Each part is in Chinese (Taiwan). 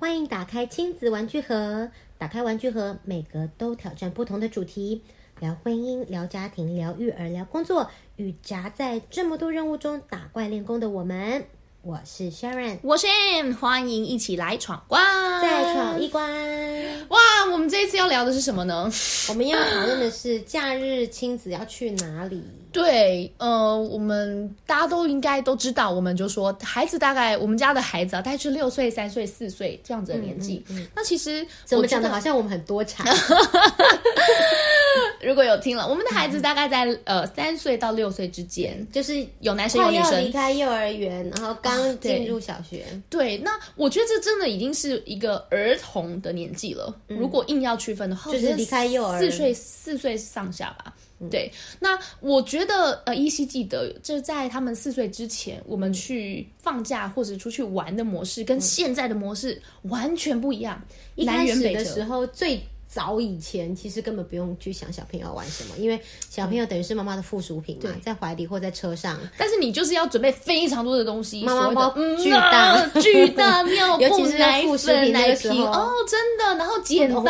歡迎打開親子玩具盒，打開玩具盒，每個都挑戰不同的主題，聊婚姻，聊家庭，聊育兒，聊工作。與夾在這麼多任務中打怪練功的我們，我是 Sharon，我是 Amy，歡迎一起來闖關，再闖一關！哇！那我們這一次要聊的是什麼呢？ 我們要討論的是假日親子要去哪裡？對，呃，我們大家都應該都知道，我們就說孩子大概我們家的孩子啊，大概是六歲、三歲、四歲這樣子的年紀。嗯嗯嗯、那其實怎麼講的好像我們很多產， 如果有聽了，我們的孩子大概在、嗯、呃三歲到六歲之間，就是有男生有女生，離開幼兒園，然後剛進入小學。啊、對，對，那我覺得這真的已經是一個兒童的年紀了。如、嗯如果硬要區分的話就，就是離開幼兒四歲四歲上下吧。嗯、對，那我覺得呃，依稀記得，就在他們四歲之前，嗯、我們去放假或者出去玩的模式，跟現在的模式完全不一樣。嗯、一開始的時候最。早以前其實根本不用去想小朋友玩什麼，因為小朋友等於是媽媽的附屬品嘛，對在懷裡或在車上。但是你就是要準備非常多的東西，媽媽媽，的巨大、嗯啊、巨大尿布、奶粉、奶瓶哦，真的。然後剪刀、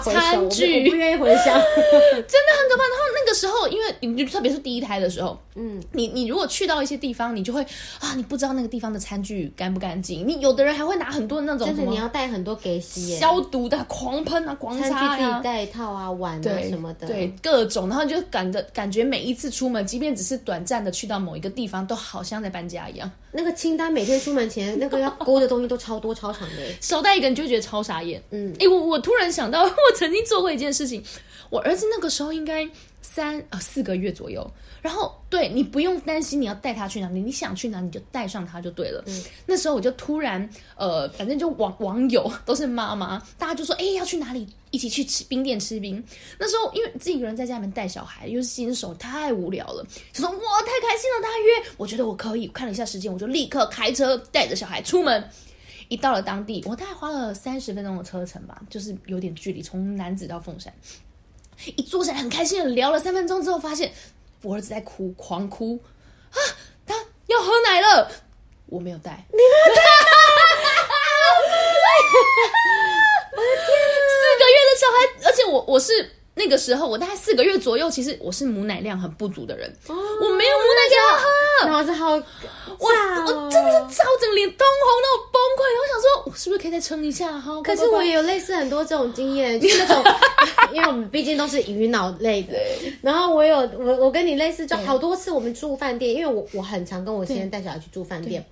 餐具，我，我不願意回想， 真的很可怕。然後那個時候，因為你就特別是第一胎的時候，嗯，你你如果去到一些地方，你就會啊，你不知道那個地方的餐具乾不乾淨。你有的人還會拿很多那種，就是你要帶很多給消毒的，狂噴啊，狂。自己帶套啊，啊玩啊對什麼的，對各種，然後就感的感覺每一次出門，即便只是短暫的去到某一個地方，都好像在搬家一樣。那個清單每天出門前， 那個要勾的東西都超多超長的，少帶一個你就覺得超傻眼。嗯，哎、欸，我我突然想到，我曾經做過一件事情，我兒子那個時候應該。三、呃、四個月左右，然後對你不用擔心，你要帶他去哪裡？你想去哪裡你就帶上他就對了。嗯、那時候我就突然呃，反正就網網友都是媽媽，大家就說：“哎，要去哪裡？一起去吃冰店吃冰。”那時候因為自己一個人在家裡面帶小孩，又是新手，太無聊了，就說：“我太開心了！”大約我覺得我可以看了一下時間，我就立刻開車帶着小孩出門。一到了當地，我大概花了三十分鐘的車程吧，就是有點距離，從楠梓到鳳山。一坐下來很開心的聊了三分鐘之後，發現我兒子在哭，狂哭啊！他要喝奶了，我沒有帶，你沒有帶，我的 天，四個月的小孩，而且我我是。那個時候我大概四個月左右，其實我是母奶量很不足的人，哦、我沒有母奶給我喝，然後是好、哦，我我真的是照整臉通紅，然後崩潰，我想說我是不是可以再撐一下哈？好，乖乖乖，可是我也有類似很多這種經驗，就是那種， 因為我們畢竟都是魚腦類的。 然後我有我我跟你類似，就好多次我們住飯店，因為我我很常跟我先生帶小孩去住飯店，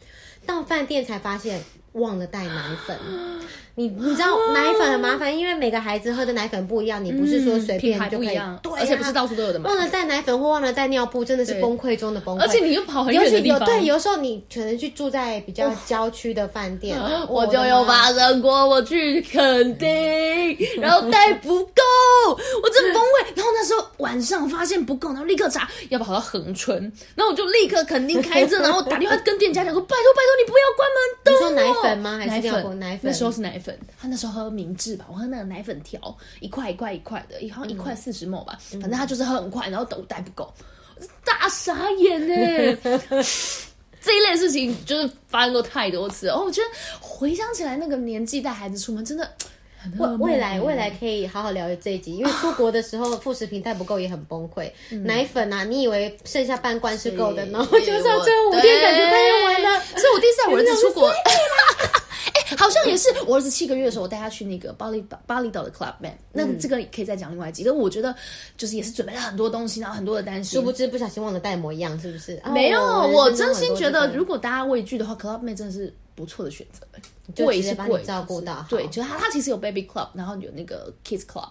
對到飯店才發現忘了帶奶粉。 你你知道奶粉很麻煩，因為每個孩子喝的奶粉不一樣，你不是說隨便、嗯、不一樣，就可以，啊、而且不是到處都有的嗎？忘了帶奶粉或忘了帶尿布，真的是崩潰中的崩潰。而且你又跑很遠，對，有時候你可能去住在比較郊區的飯店。哦、我，我就有發生過，我去墾丁。嗯、然後帶不夠， 我真的崩潰。然後那時候晚上發現不夠，然後立刻查，要跑到恆春，然後我就立刻墾丁開車，然後打電話跟店家講說：“ 拜託拜託，你不要關門都，你說奶粉嗎？還是奶粉？奶粉。那時候是奶粉。他那時候喝明治吧，我喝那個奶粉條，一塊一塊一塊的，一好像一塊四十毛吧，嗯、反正他就是喝很快，然後都帶不夠，大傻眼哎、欸！ 這一類事情就是發生過太多次。哦，我覺得回想起來那個年紀帶孩子出門真的很未，未未來未來可以好好聊一下這一集，因為出國的時候副食品帶不夠也很崩潰，啊、奶粉啊，你以為剩下半罐是夠的呢？我就後，我，天對感覺快用完了，所以對我第一次帶我兒子出國。 好像也是，我兒子七個月的時候，我帶他去那個巴厘巴厘島的 Club Man，、嗯、那這個可以再講另外一集。我覺得就是也是準備了很多東西，然後很多的擔心，嗯。殊不知不小心忘了帶模一樣，是不是？沒有，我真心覺得如果大家畏懼的話，Club Man 真的是不錯的選擇。貴是貴，照顧到對，好就是他他其實有 Baby Club，然後有那個 Kids Club。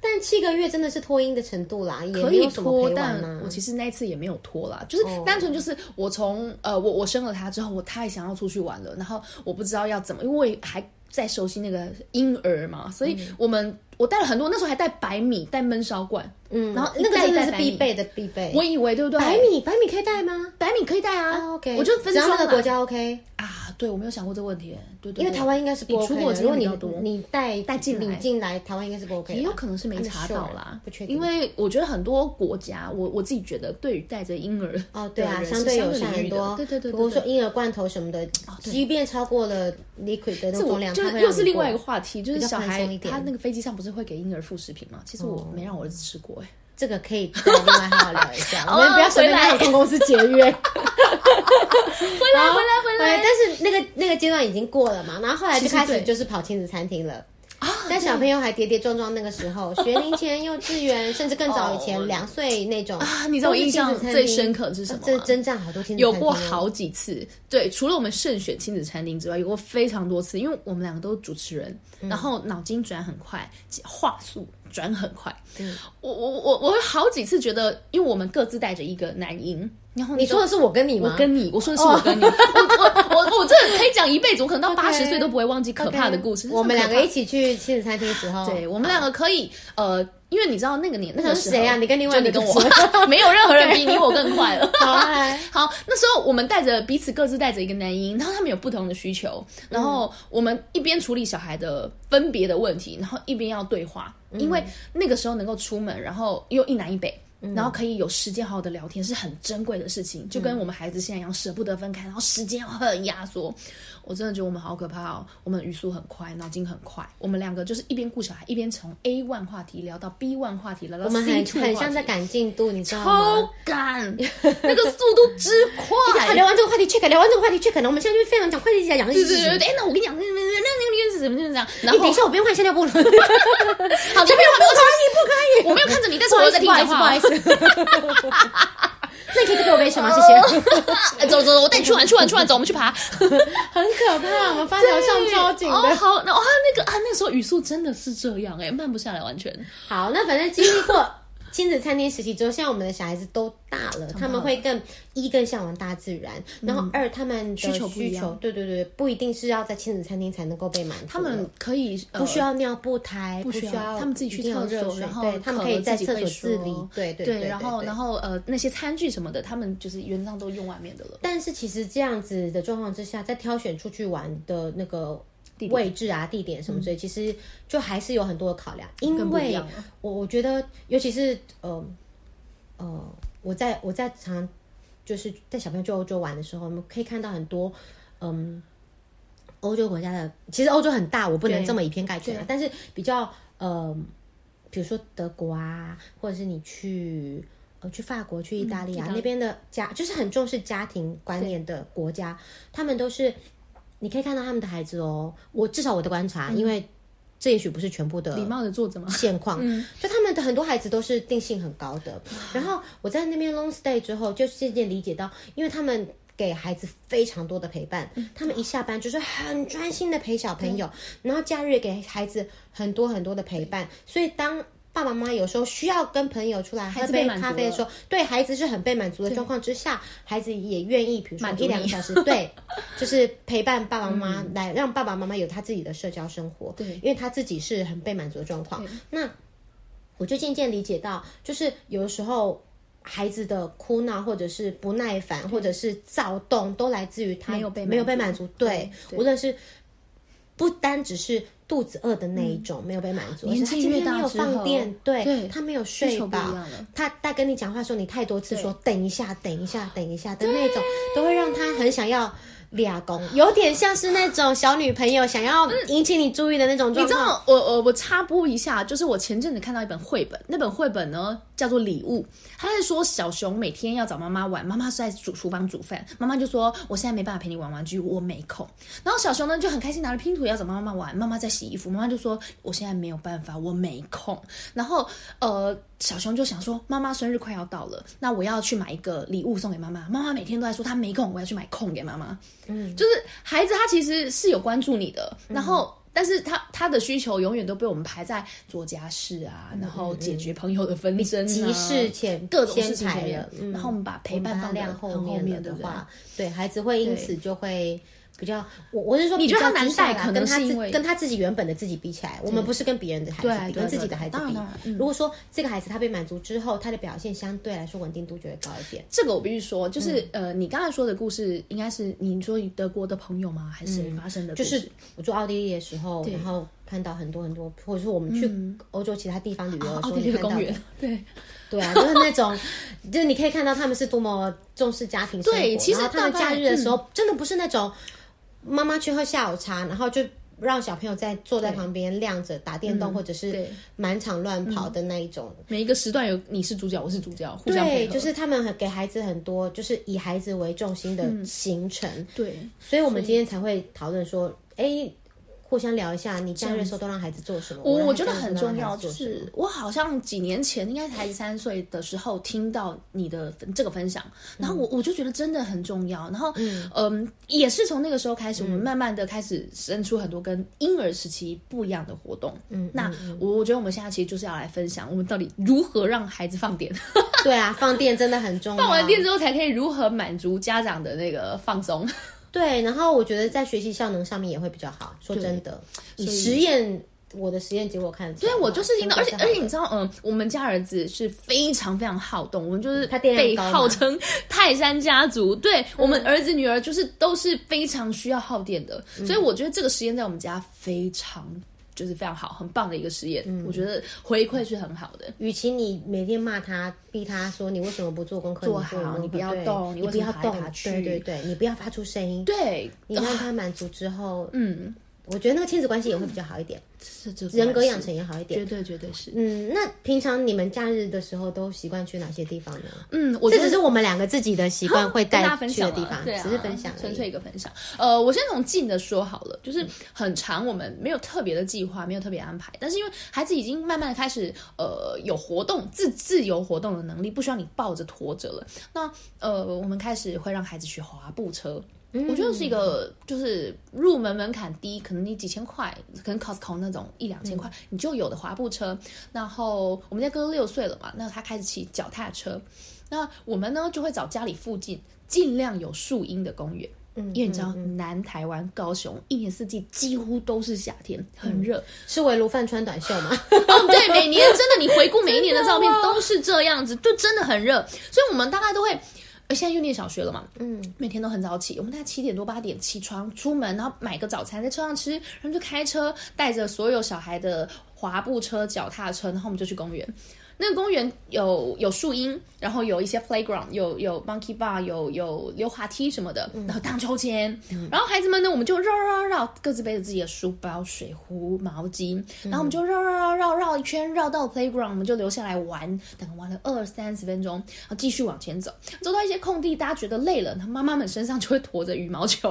但七個月真的是脫音的程度啦，可以脫，以但我其實那一次也沒有脫啦，oh. 就是單純就是我從呃我我生了他之後，我太想要出去玩了，然後我不知道要怎麼，因為還在熟悉那個嬰兒嘛，所以我們、mm. 我帶了很多，那時候還帶白米帶悶燒罐，嗯，然後那個真的是必備的必備，嗯那個，我以為對不對？白米白米可以帶嗎？白米可以帶啊，啊，OK，我就分三、啊、個國家 OK 啊。對，我沒有想過這個問題。對，因為台灣應該是不 ok 的，出國的時候比較多，你帶帶進領進來，台灣應該是不 OK，也有可能是沒查到啦，不確定。因為我覺得很多國家，我我自己覺得，對於帶着嬰兒，哦，對啊，相對有很很多，對對對，比如說嬰兒罐頭什麼的，即便超過了 liquid 的那種量，就又是另外一個話題，就是小孩他那個飛機上不是會給嬰兒副食品嗎？其實我沒讓我兒子吃過，哎，這個可以另外好好聊一下，我們不要隨便跟航空公司節約。啊、 回來，然後回來，回來！但是那個 那個階段已經過了嘛，然後後來就開始就是跑親子餐廳了。但小朋友還跌跌撞撞那個時候，學齡前又、幼稚園，甚至更早以前，兩歲、oh. 那種、啊，你知道我印象最深刻的是什麼、啊？這征戰好多親子餐廳。有過好幾次，對，除了我們慎選親子餐廳之外，有過非常多次，因為我們兩個都是主持人，嗯、然後腦筋轉很快，話術轉很快。嗯、我我我我我好幾次覺得，因為我們各自帶着一個男嬰，說然後你說的是我跟你嗎？我跟你，我說的是我跟你。Oh. 哦、我這可以講一輩子，我可能到八十歲都不會忘記可怕的故事。Okay, okay, 我們兩個一起去親子餐廳的時候，對我們兩個可以，好呃，因為你知道那個年那個時候誰啊，你跟另外一個跟我，跟個就是、 沒有任何人比你我更快了。 好，啊、 好，那時候我們帶着彼此各自帶着一個男嬰，然後他們有不同的需求，然後我們一邊處理小孩的分別的問題，然後一邊要對話，嗯、因為那個時候能夠出門，然後又一南一北。然後可以有時間好好的聊天，是很珍貴的事情。就跟我們孩子現在一樣，捨不得分開，然後時間很壓縮。我真的覺得我們好可怕哦！我們語速很快，腦筋很快。我們兩個就是一邊顧小孩，一邊從 A one 話題聊到 B one 話題，聊到 C 話題，我們很很像在趕進度，你知道嗎？超趕，那個速度之快，聊完這個話題 check 聊完這個話題 check，我們現在就非常講快一點講一件是是哎，那我跟你講，那那個女生怎麼就是這樣？然後等一下，我邊換下尿布了。好，這邊換。不可以，不可以。我沒有看着你，但是我又在聽。不好意思，不好意思。哈哈哈哈哈！那你可以再給我杯水嗎？謝謝。走走走，我帶你去玩 去玩去玩，走，我們去爬。 很可怕、啊，我們發條上超緊的。哦、好，那、哦、啊那個啊，那時候語速真的是這樣哎、欸，慢不下來，完全。好，那反正經歷過。 親子餐廳時期之後，現在我們的小孩子都大了，他們會更一更嚮往大自然，然後二他們需求需求對對對，不一定是要在親子餐廳才能夠被滿足。他們可以不需要尿布台，不需要他們自己去廁所，然後他們可以在廁所自理，對對對。然後然後呃那些餐具什麼的，他們就是原則上都用外面的了。但是其實這樣子的狀況之下，在挑選出去玩的那個位置啊，地點什麼之類，所以、嗯、其實就還是有很多的考量。啊、因為我我覺得，尤其是呃呃，我在我在常，常就是在小朋友去歐洲玩的時候，我們可以看到很多嗯，歐洲國家的，其實歐洲很大，我不能這麼以偏概全啊。但是比較呃，比如說德國啊，或者是你去呃去法國、去意大利啊，嗯、那邊的家就是很重視家庭觀念的國家，對他們都是。你可以看到他們的孩子哦，我至少我的觀察，嗯、因為這也許不是全部的禮貌的作者嘛，現、嗯、況，就他們的很多孩子都是定性很高的。然後我在那邊 long stay 之後，就漸漸理解到，因為他們給孩子非常多的陪伴，嗯、他們一下班就是很專心的陪小朋友，嗯、然後假日給孩子很多很多的陪伴，嗯、所以當。爸爸媽媽有時候需要跟朋友出來喝杯咖啡的時候，對孩子是很被滿足的狀況之下，孩子也願意，比如說一兩個小時，對，就是陪伴爸爸媽媽，來讓爸爸媽媽有他自己的社交生活，對，因為他自己是很被滿足的狀況。那我就漸漸理解到，就是有時候孩子的哭鬧，或者是不耐煩，或者是躁動，都來自於他沒有被滿足，對，無論是不單只是。肚子餓的那一種沒有被滿足，因為他今天沒有放電，對，對，他沒有睡飽，他在跟你講話說，你太多次說等一下等一下等一下的那一種，對都會讓他很想要抓狂，對有點像是那種小女朋友想要引起你注意的那種狀況，嗯。你知道，我我我插播一下，就是我前陣子看到一本繪本，那本繪本呢？叫做禮物，他在說小熊每天要找媽媽玩，媽媽是在廚房煮飯，媽媽就說我現在沒辦法陪你玩玩具，我沒空。然後小熊呢就很開心拿了拼圖要找媽媽玩，媽媽在洗衣服，媽媽就說我現在沒有辦法，我沒空。然後呃，小熊就想說媽媽生日快要到了，那我要去買一個禮物送給媽媽。媽媽每天都在說她沒空，我要去買空給媽媽。嗯，就是孩子他其實是有關注你的，嗯、然後。但是他他的需求永遠都被我們排在做家事啊，嗯嗯嗯，然後解決朋友的紛爭啊，急事前各種事情前，嗯、然後我們把陪伴放在後面的話，的話對孩子會因此就會。比較，我我是說，你覺得他難帶，可能他自跟他自己原本的自己比起來，我們不是跟別人的孩子比，跟自己的孩子比。如果說這個孩子他被滿足之後，他的表現相對來說穩定度就會高一點。這個我必須說，就是呃，你剛才說的故事應該是你說德國的朋友嗎？還是發生的？就是我住奧地利的時候，然後看到很多很多，或者說我們去歐洲其他地方旅遊的時候，公園，對對啊，就是那種，就是你可以看到他們是多麼重視家庭生活，對，其實到假日的時候真的不是那種。媽媽去喝下午茶，然後就讓小朋友在坐在旁邊對晾着，打電動、嗯、或者是滿場亂跑的那一種、嗯。每一個時段有你是主角，我是主角，對互相配合。就是他們給孩子很多，就是以孩子為重心的行程。嗯、對，所以我們今天才會討論說，哎以。誒互相聊一下，你教育的時候都讓孩子做什麼？我我覺得很重要，就是我好像幾年前應該才三歲的時候聽到你的這個分享，嗯、然後我我就覺得真的很重要。然後、呃、嗯，也是從那個時候開始，我們慢慢的開始生出很多跟嬰兒時期不一樣的活動。嗯，嗯嗯那我我覺得我們現在其實就是要來分享，我們到底如何讓孩子放電？對啊，放電真的很重要，放完電之後才可以如何滿足家長的那個放鬆。對，然後我覺得在學習效能上面也會比較好。說真的，對以你實驗我的實驗結果看得出來，所以我就是，因為而且而且你知，你知道，嗯，我們家兒子是非常非常好動，我們就是被號稱泰山家族。對，我們兒子女兒就是都是非常需要耗電的，嗯、所以我覺得這個實驗在我們家非常。就是非常好，很棒的一個實驗。嗯、我覺得回饋是很好的。與其你每天罵他、逼他說你為什麼不做功課、做好，你，做你不要動，對你不要動，怕怕去對對對，你不要發出聲音。對，你讓他滿足之後，啊、嗯。我覺得那個親子關係也會比較好一點，嗯、人格養成也好一點，嗯、絕對絕對是。嗯，那平常你們假日的時候都習慣去哪些地方呢？嗯，我覺得這只是我們兩個自己的習慣，會帶去的地方，啊、只是分享，純粹一個分享。呃，我先從近的說好了，就是很常，我們沒有特別的計劃，沒有特別安排，但是因為孩子已經慢慢的開始呃有活動自自由活動的能力，不需要你抱着拖着了。那呃，我們開始會讓孩子學滑步車。我覺得是一個，就是入門門檻低，嗯、可能你幾千塊，可能 Costco 那種一兩千塊，嗯、你就有的滑步車。然後我們家哥哥六歲了嘛，那他開始騎腳踏車。那我們呢，就會找家裡附近盡量有樹蔭的公園。嗯，因為你知道南，南、嗯、台灣高雄一年四季幾乎都是夏天，很熱，嗯、是圍爐飯穿短袖嗎？ 哦，對，每年真的你回顧每一年的照片都是這樣子，真哦、就真的很熱。所以我們大概都會。而現在又念小學了嘛，嗯，每天都很早起，我們大概七點多八點起床，出門，然後買個早餐在車上吃，然後就開車帶着所有小孩的滑步車、腳踏車，然後我們就去公園。那個公園有有樹蔭，然後有一些 playground，有有 monkey bar，有有溜滑梯什麼的，嗯、然後盪秋千，嗯、然後孩子們呢，我們就繞，繞繞繞，各自背着自己的書包、水壺、毛巾，然後我們就繞繞繞繞繞一圈，繞到 playground，我們就留下來玩，等玩了二三十分鐘，然後繼續往前走，走到一些空地，大家覺得累了，他媽媽們身上就會馱着羽毛球，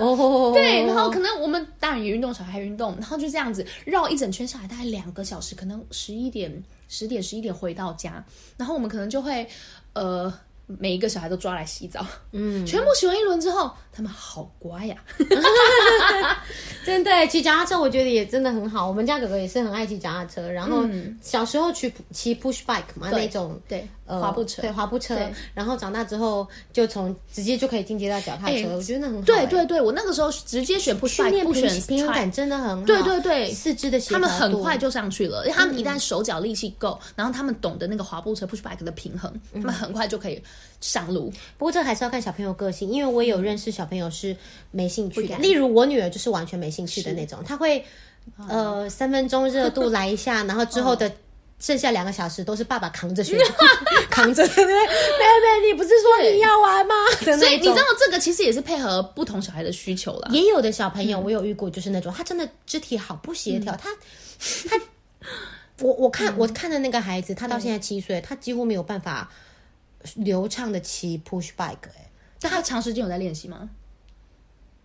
哦 ，oh, 對，然後可能我們大人也運動，小孩運動，然後就這樣子繞一整圈下來，大概兩個小時，可能十一點。十點十一點回到家，然後我們可能就會，呃。每一個小孩都抓來洗澡，嗯，全部洗完一輪之後，他們好乖呀！哈哈哈哈哈哈！真的，騎腳踏車我覺得也真的很好。我們家哥哥也是很愛騎腳踏車，然後小時候騎騎 push bike 嘛，那種對，呃，滑步車，對滑步車，然後長大之後就從直接就可以進階到腳踏車，我覺得那很好，對對對。我那個時候直接選 push bike 不選，平衡感真的很好，對對對，四肢的形。他們很快就上去了，因為他們一旦手腳力氣夠，然後他們懂得那個滑步車 push bike 的平衡，他們很快就可以上路，不過這還是要看小朋友個性，因為我有認識小朋友是沒興趣的，例如我女兒就是完全沒興趣的那種，她會呃三分鐘熱度來一下，然後之後的剩下兩個小時都是爸爸扛着去扛着的。妹妹，你不是說你要玩嗎？所以你知道這個其實也是配合不同小孩的需求了。也有的小朋友我有遇過，就是那種他真的肢體好不協調，他他我我看我看的那個孩子，他到現在七歲，他幾乎沒有辦法。流暢的騎 push bike，欸、但他長時間有在練習嗎？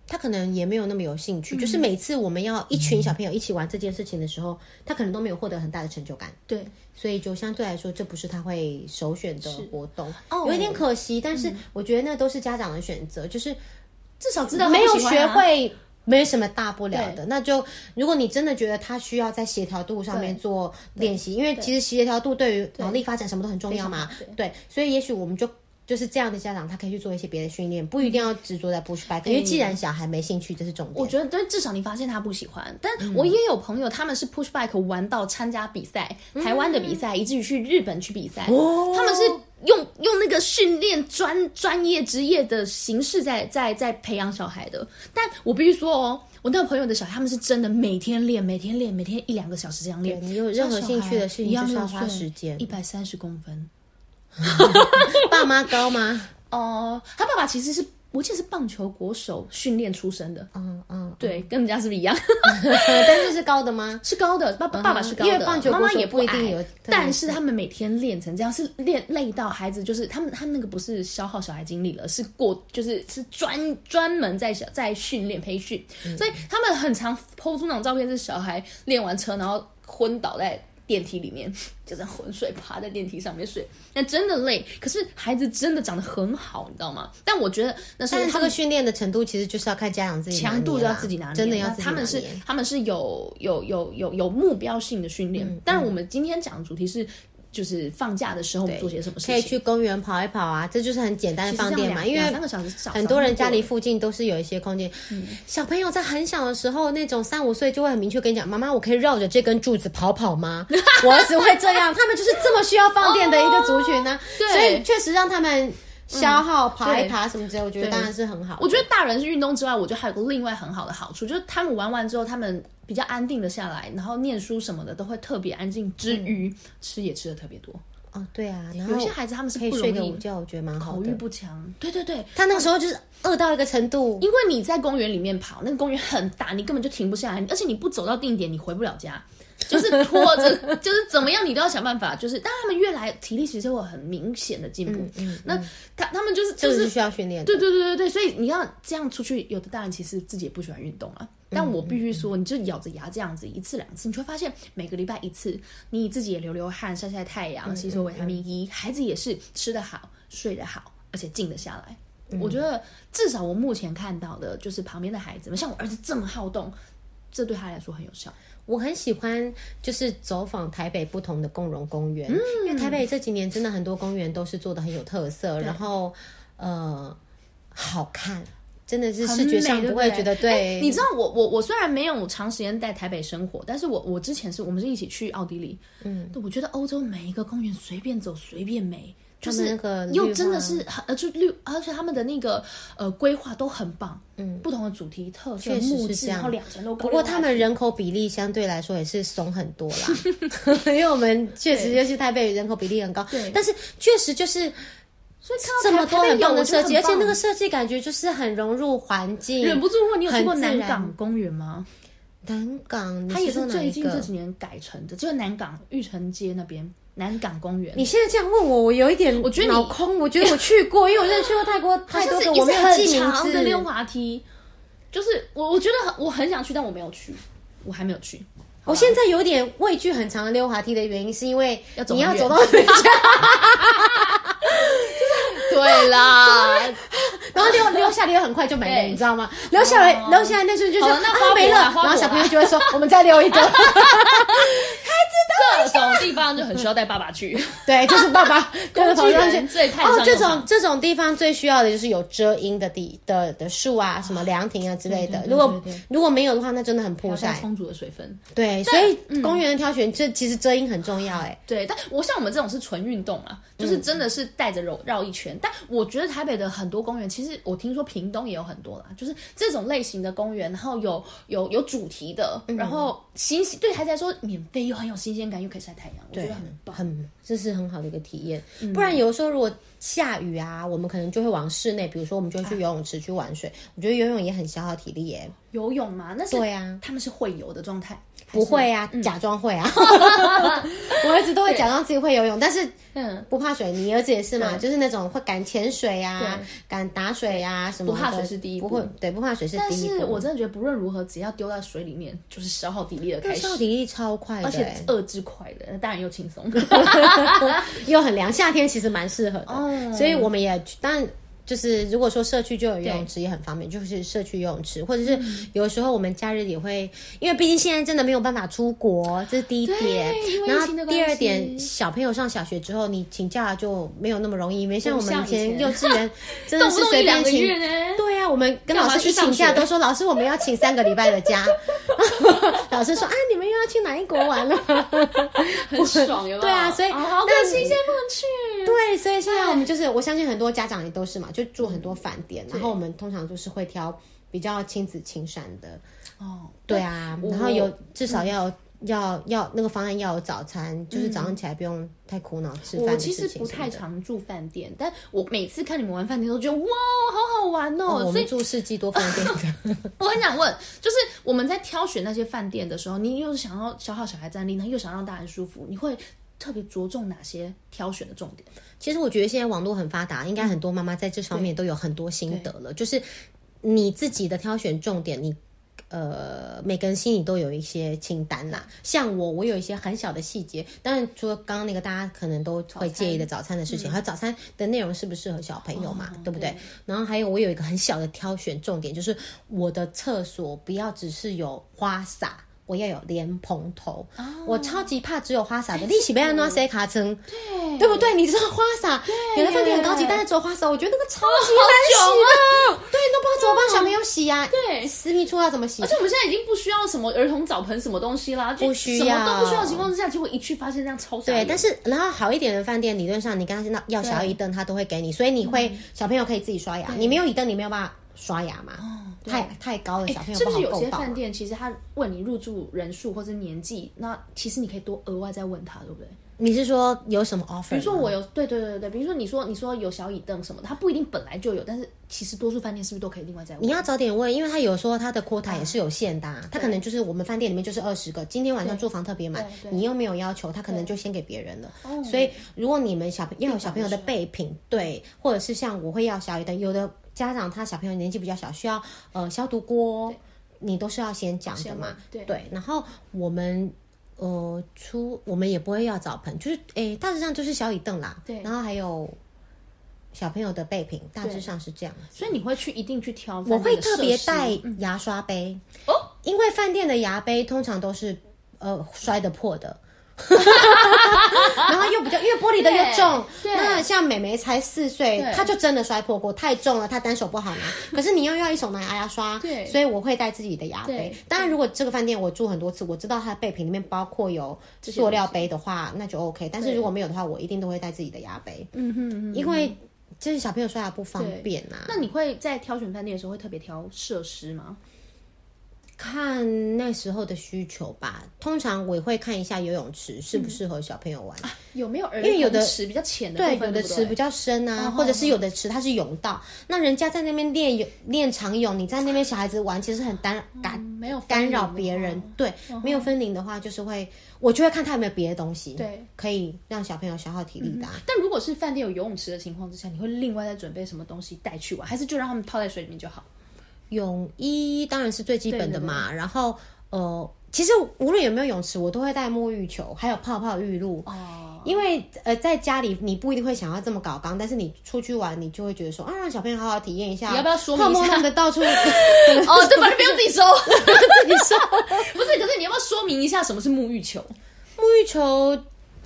他可能也沒有那麼有興趣，嗯、就是每次我們要一群小朋友一起玩這件事情的時候，嗯、他可能都沒有獲得很大的成就感，對，所以就相對來說，這不是他會首選的活動，哦，oh, 有一點可惜，對但是我覺得那都是家長的選擇，嗯、就是至少知道他、啊、沒有學會。沒什麼大不了的，對那就如果你真的覺得他需要在協調度上面做練習，因為其實協調度對於能力發展什麼都很重要嘛，對，對，對，對，對，所以也許我們就就是這樣的家長，他可以去做一些別的訓練，不一定要執着在 push bike、嗯、因為既然小孩沒興趣，嗯、這是重點。我覺得，但至少你發現他不喜歡。但我也有朋友，他們是 push bike 玩到參加比賽，嗯、台灣的比賽，嗯、以至於去日本去比賽，哦、他們是。用用那個訓練專專業職業的形式在在在培養小孩的，但我必須說哦，我那個朋友的小孩，他們是真的每天練，每天練，每天一兩個小時這樣練。你有任何興趣的事情，一樣要花時間。一百三十公分， 爸媽高嗎？哦，uh, 他爸爸其實是。我姐是棒球國手訓練出身的。嗯嗯，嗯對，跟人家是不是一樣？嗯、 但是是高的嗎？是高的，爸、嗯、爸爸是高的，因為棒球媽媽也不一定有。對對對，但是他們每天練成這樣，是練累到孩子，就是他們他們那個不是消耗小孩精力了，是過就是是專專門在小在訓練培訓，嗯、所以他們很常 PO 出那種照片，是小孩練完車然後昏倒在。電梯裡面就在昏睡，趴在電梯上面睡，那真的累。可是孩子真的長得很好，你知道嗎？但我覺得那但是這個訓練的程度，其實就是要看家長自己、啊、強度，就要自己拿捏。真的要自己他，他們是他們是有有有有有目標性的訓練。嗯嗯、但是我們今天講的主題是。就是放假的時候做些什麼事情，可以去公園跑一跑啊，這就是很簡單的放電嘛。因為很多人家裡附近都是有一些空間、啊。小朋友在很小的時候，那種三五歲就會很明確跟你講：“媽媽，我可以繞着這根柱子跑跑嗎？” 我兒子會這樣，他們就是這麼需要放電的一個族群呢、啊。Oh, 對所以確實讓他們。消耗、排、嗯、爬什麼之類，我覺得當然是很好。我覺得大人是運動之外，我覺得還有個另外很好的好處，就是他們玩完之後，他們比較安定的下來，然後念書什麼的都會特別安靜之餘，嗯、吃也吃的特別多。哦，對啊，欸、有些孩子他們是不容易，可以睡個午覺，我覺得蠻好的。口欲不強。對對對，他那個時候就是餓到一個程度、哦。因為你在公園裡面跑，那個公園很大，你根本就停不下來，而且你不走到定點，你回不了家。 就是拖着，就是怎麼樣你都要想辦法。就是，當他們越來體力其實會很明顯的進步。嗯嗯嗯、那他他們就是、就是、就是需要訓練。對對對對對，所以你要這樣出去，有的大人其實自己也不喜歡運動啊。嗯、但我必須說，你就咬着牙這樣子一次兩次，嗯、你會發現、嗯、每個禮拜一次，你自己也流流汗、曬曬太陽、吸收維他命 E、嗯嗯、孩子也是吃得好、睡得好，而且靜得下來。嗯、我覺得至少我目前看到的，就是旁邊的孩子們，像我兒子這麼好動。這對他來說很有效。我很喜歡，就是走訪台北不同的共融公園，嗯、因為台北這幾年真的很多公園都是做的很有特色，嗯、然後對呃，好看，真的是視覺上不會覺得對，對，對、欸。你知道，我我我雖然沒有長時間在台北生活，但是我我之前是我們是一起去奧地利，嗯，我覺得歐洲每一個公園隨便走隨便美。就是那個又真的是很就綠，而且他們的那個呃規劃都很棒，嗯，不同的主題特色，確實是這樣，不過他們人口比例相對來說也是鬆很多啦， 因為我們確實就是台北人口比例很高，對，但是確實就是所以這麼多很的得很棒的設計，而且那個設計感覺就是很融入環境，忍不住問你有去過南港公園嗎？南港它也是最近這幾年改成的，就是南港玉成街那邊。南港公園，你現在這樣問我，我有一點，我覺得腦空。我覺得我去過，因為我真的去過泰國太多的，我沒有很長的溜滑梯，就是我我覺得很我很想去，但我沒有去，我還沒有去。我現在有點畏懼很長的溜滑梯的原因，是因為你要走，你要走到 對啦。 然後溜溜下來很快就沒了，你知道嗎？溜下來，溜下來，那時候就覺得花沒了。然後小朋友就會說：“我們再溜一個。”哈哈哈哈哈。這種地方就很需要帶爸爸去。對，就是爸爸。哦，這種這種地方最需要的就是有遮陰的地的的樹啊，什麼涼亭啊之類的。如果如果沒有的話，那真的很曝曬。充足的水分。對，所以公園的挑選，這其實遮陰很重要。哎，對，但我像我們這種是純運動啊，就是真的是帶着繞繞一圈。但我覺得台北的很多公園其實。其實我聽說屏東也有很多啦，就是這種類型的公園，然後有有有主題的，嗯、然後新對孩子來說，免費又很有新鮮感，又可以曬太陽，對我覺得很棒很，這是很好的一個體驗。嗯、不然有時候如果。下雨啊，我們可能就會往室內，比如說我們就會去游泳池去玩水。我覺得游泳也很消耗體力耶。游泳嗎？那是，對呀，他們是會游的狀態，不會啊，假裝會啊。我一直都會假裝自己會游泳，但是嗯，不怕水。你兒子也是嘛？就是那種會敢潛水呀，敢打水呀什麼的，不怕水是第一，不會，對，不怕水是第一。但是我真的覺得，不論如何，只要丟到水裡面，就是消耗體力的開始。消耗體力超快的，而且遏制快的，那當然又輕鬆，又很涼。夏天其實蠻適合的。 所以我們也去，但。就是如果說社區就有游泳池也很方便，對就是社區游泳池，或者是有的時候我們假日也會，因為畢竟現在真的沒有辦法出國，這是第一點。對然後第二點，小朋友上小學之後，你請假就沒有那麼容易，沒像我們以前幼稚園呵真的是隨便請。對啊，我們跟老師去請假都說，老師我們要請三個禮拜的假，老師說，啊你們又要去哪一國玩了，很爽有沒有對啊，所以，oh, okay. 那紐西蘭不能去。對，所以現在我們就是我相信很多家長也都是嘛。就住很多飯店，然後我們通常就是會挑比較親子親善的。哦，對啊，然後有至少要要要那個方案要有早餐，就是早上起來不用太苦惱吃飯。我其實不太常住飯店，但我每次看你們玩飯店都覺得哇，好好玩哦。我們住世紀多飯店。我很想問，就是我們在挑選那些飯店的時候，你又想要消耗小孩戰力呢，又想讓大人舒服，你會？特別着重哪些挑選的重點？其實我覺得現在網絡很發達，嗯、應該很多媽媽在這方面都有很多心得了。就是你自己的挑選重點，你呃每個人心裡都有一些清單啦。像我，我有一些很小的細節，當然除了剛剛那個大家可能都會介意的早餐的事情，嗯、還有早餐的內容適不適合小朋友嘛，哦、對不對？對，然後還有我有一個很小的挑選重點，就是我的廁所不要只是有花灑。我要有蓮蓬頭，我超級怕只有花灑的。對，對不對？你知道花灑，有的飯店很高級，但是只有花灑，我覺得那個超級難洗啊！對，都不知道怎麼幫小朋友洗呀。對，私密處要怎麼洗？而且我們現在已經不需要什麼兒童澡盆什麼東西啦，不需要，什麼都不需要的情況之下，結果一去發現這樣超。對，但是然後好一點的飯店，理論上你跟他那要小椅凳，他都會給你，所以你會小朋友可以自己刷牙。你沒有椅凳，你沒有辦法。刷牙嘛，太太高的小朋友是不是有些飯店其實他問你入住人數或者年紀？那其實你可以多額外再問他，對不對？你是說有什麼 offer？比如說我有，對對對對。比如說你說你說有小椅凳什麼，他不一定本來就有，但是其實多數飯店是不是都可以另外再問？你要早點問，因為他有時候他的 quota 也是有限的，他可能就是我們飯店裡面就是二十個，今天晚上住房特別滿，你又沒有要求，他可能就先給別人了。所以如果你們小朋友要有小朋友的備品，對，或者是像我會要小椅凳，有的。家長他小朋友年紀比較小，需要呃消毒鍋，對你都是要先講的嘛，對，對。然後我們呃出我們也不會要澡盆，就是誒大致上，就是小椅凳啦，對。然後還有小朋友的備品，大致上是這樣。對對所以你會去一定去挑，我會特別帶牙刷杯哦，嗯、因為飯店的牙杯通常都是呃摔得破的。對嗯 然後又比較，因為玻璃的又重。對那像美美才四歲，對她就真的摔破過，太重了，她單手不好拿。對可是你又要一手拿牙牙刷。對所以我會帶自己的牙杯。對當然，如果這個飯店我住很多次，我知道它的備品裡面包括有塑料杯的話，那就 OK。但是如果沒有的話，對我一定都會帶自己的牙杯。嗯哼，嗯哼，嗯哼，因為就是小朋友刷牙不方便、啊、那你會在挑選飯店的時候會特別挑設施嗎？看那時候的需求吧，通常我也會看一下游泳池適不適合小朋友玩，有沒有兒童池比較淺的，對，有的池比較深啊，或者是有的池它是泳道，那人家在那邊練泳練長泳，你在那邊小孩子玩，其實很干感，沒有干擾別人，對，沒有分齡的話就是會，我就會看他有沒有別的東西，對，可以讓小朋友消耗體力的。但如果是飯店有游泳池的情況之下，你會另外再準備什麼東西帶去玩，還是就讓他們泡在水裡面就好？泳衣當然是最基本的嘛，對對對，然後呃，其實無論有沒有泳池，我都會帶沐浴球，還有泡泡浴露哦，因為呃，在家裡你不一定會想要這麼搞剛，但是你出去玩，你就會覺得說啊，讓小朋友好好體驗一下。你要不要說明一下泡沫弄得到處 哦，這反正不用是自己收，自己收。不是，可是你要不要說明一下什麼是沐浴球？沐浴球。